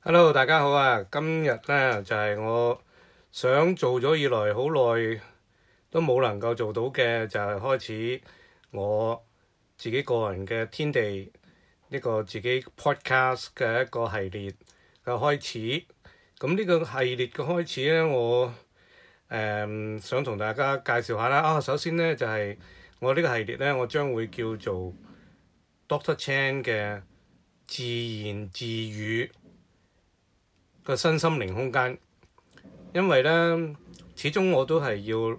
Hello，大家好啊！今日咧就係、是、我想做咗以來好耐都冇能夠做到嘅，就係、是、開始我自己個人嘅天地呢、這個自己 podcast 嘅一個系列嘅開始。咁呢個系列嘅開始咧，我誒、嗯、想同大家介紹下啦。啊，首先咧就係、是、我呢個系列咧，我將會叫做 Doctor Chen 嘅自言自語。個身心靈空間，因為咧，始終我都係要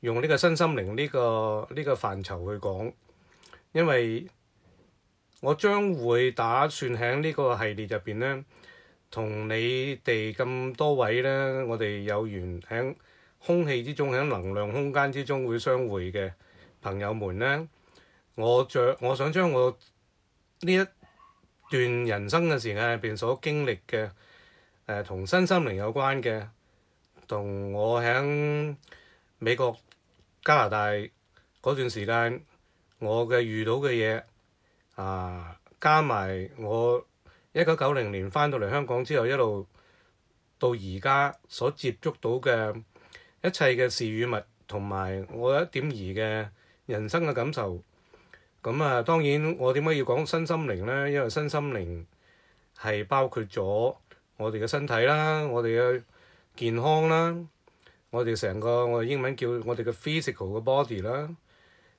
用呢個身心靈呢個呢個範疇去講。因為我將會打算喺呢個系列入邊咧，同你哋咁多位咧，我哋有緣喺空氣之中，喺能量空間之中會相會嘅朋友們咧，我著我想將我呢一段人生嘅時間入邊所經歷嘅。誒同身心靈有關嘅，同我喺美國加拿大嗰段時間，我嘅遇到嘅嘢啊，加埋我一九九零年翻到嚟香港之後，一路到而家所接觸到嘅一切嘅事與物，同埋我一點兒嘅人生嘅感受。咁啊，當然我點解要講身心靈咧？因為身心靈係包括咗。我哋嘅身體啦，我哋嘅健康啦，我哋成個我哋英文叫我哋嘅 physical 嘅 body 啦。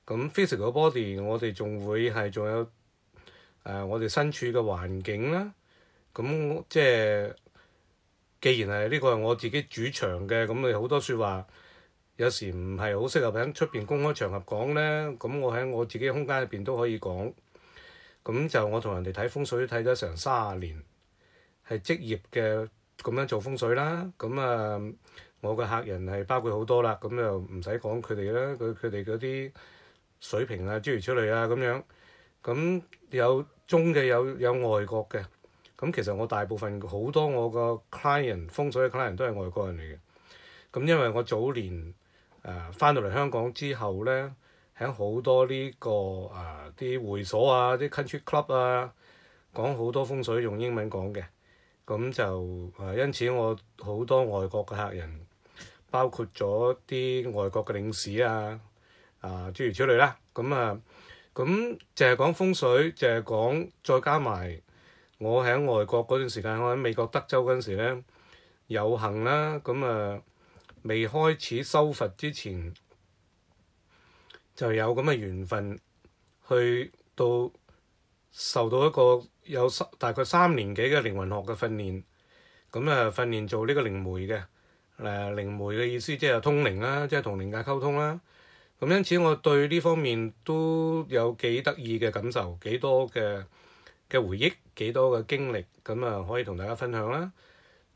咁 physical body, ph body 我哋仲會係仲有誒、呃、我哋身處嘅環境啦。咁即係既然係呢、這個係我自己主場嘅，咁我好多說話有時唔係好適合喺出邊公開場合講咧。咁我喺我自己空間入邊都可以講。咁就我同人哋睇風水睇咗成三十年。係職業嘅咁樣做風水啦，咁啊，我嘅客人係包括好多啦，咁就唔使講佢哋啦。佢佢哋嗰啲水平啊，諸如此類啊，咁樣，咁有中嘅有有外國嘅，咁其實我大部分好多我個 client 風水嘅 client 都係外國人嚟嘅。咁因為我早年誒返、呃、到嚟香港之後咧，喺好多呢、呢個誒啲會所啊、啲 country club 啊，講好多風水用英文講嘅。咁就啊，因此我好多外國嘅客人，包括咗啲外國嘅領事啊，啊諸如此類啦。咁啊，咁就係講風水，就係講再加埋我喺外國嗰段時間，我喺美國德州嗰陣時咧，有幸啦，咁啊未開始修佛之前，就有咁嘅緣分去到。受到一個有大概三年幾嘅靈魂學嘅訓練，咁啊訓練做呢個靈媒嘅，誒靈媒嘅意思即係通靈啦，即係同靈界溝通啦。咁因此我對呢方面都有幾得意嘅感受，幾多嘅嘅回憶，幾多嘅經歷，咁啊可以同大家分享啦。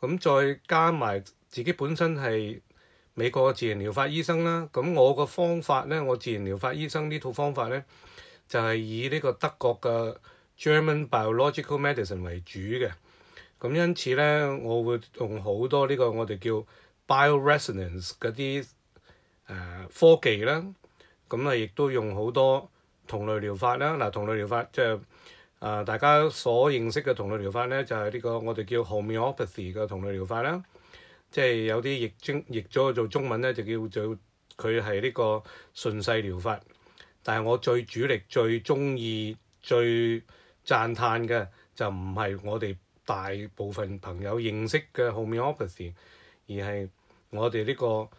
咁再加埋自己本身係美國嘅自然療法醫生啦。咁我個方法呢，我自然療法醫生呢套方法呢。就係以呢個德國嘅 German Biological Medicine 為主嘅，咁因此咧，我會用好多呢個我哋叫 bioresonance 嗰啲誒科技啦，咁啊亦都用好多同類療法啦。嗱，同類療法即係誒大家所認識嘅同類療法咧，就係呢個我哋叫 homeopathy 嘅同類療法啦，即係有啲譯中譯咗做中文咧，就叫做佢係呢個順勢療法。但係我最主力、最中意、最讚嘆嘅就唔係我哋大部分朋友認識嘅 homeopathy，而係我哋呢個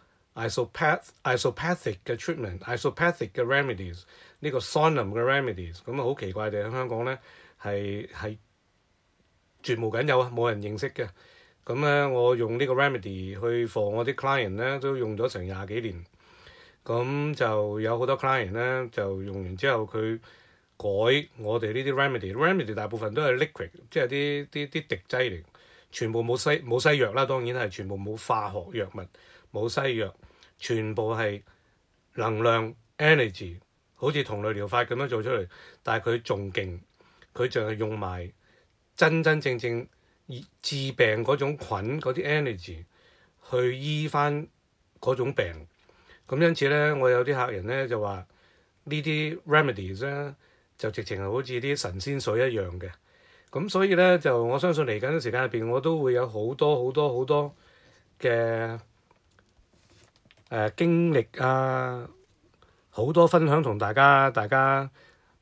isopathic、isopathic 嘅 treatment、isopathic 嘅 remedies，呢個 sonum 嘅 remedies，咁好奇怪地喺香港咧係係絕無僅有啊，冇人認識嘅。咁咧我用呢個 remedy 去服我啲 client 咧，都用咗成廿幾年。咁就有好多 client 咧，就用完之後佢改我哋呢啲 remedy，remedy 大部分都係 liquid，即係啲啲啲滴劑嚟，全部冇西冇西藥啦，當然係全部冇化學藥物，冇西藥，全部係能量 energy，好似同類療法咁樣做出嚟，但係佢仲勁，佢就係用埋真真正正治病嗰種菌嗰啲 energy 去醫翻嗰種病。咁因此咧，我有啲客人咧就話呢啲 remedies 咧就直情係好似啲神仙水一樣嘅。咁所以咧，就我相信嚟緊時間入邊，我都會有好多好多好多嘅誒、呃、經歷啊，好多分享同大家大家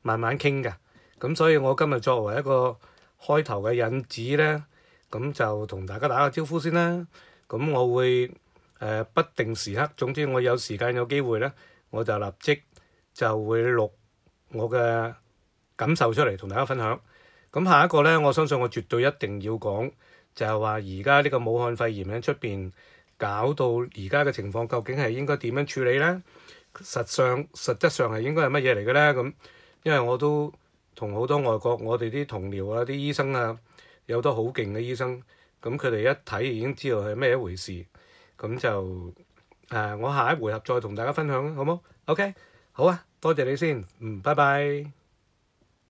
慢慢傾㗎。咁所以我今日作為一個開頭嘅引子咧，咁就同大家打個招呼先啦。咁我會。呃、不定時刻，總之我有時間有機會呢，我就立即就會錄我嘅感受出嚟，同大家分享。咁下一個呢，我相信我絕對一定要講，就係話而家呢個武漢肺炎喺出面搞到而家嘅情況，究竟係應該點樣處理呢？實上實質上係應該係乜嘢嚟嘅呢？咁因為我都同好多外國我哋啲同僚啊、啲醫生啊，有好多好勁嘅醫生，咁佢哋一睇已經知道係咩一回事。咁就誒、啊，我下一回合再同大家分享啦，好冇？OK，好啊，多謝你先，嗯，拜拜。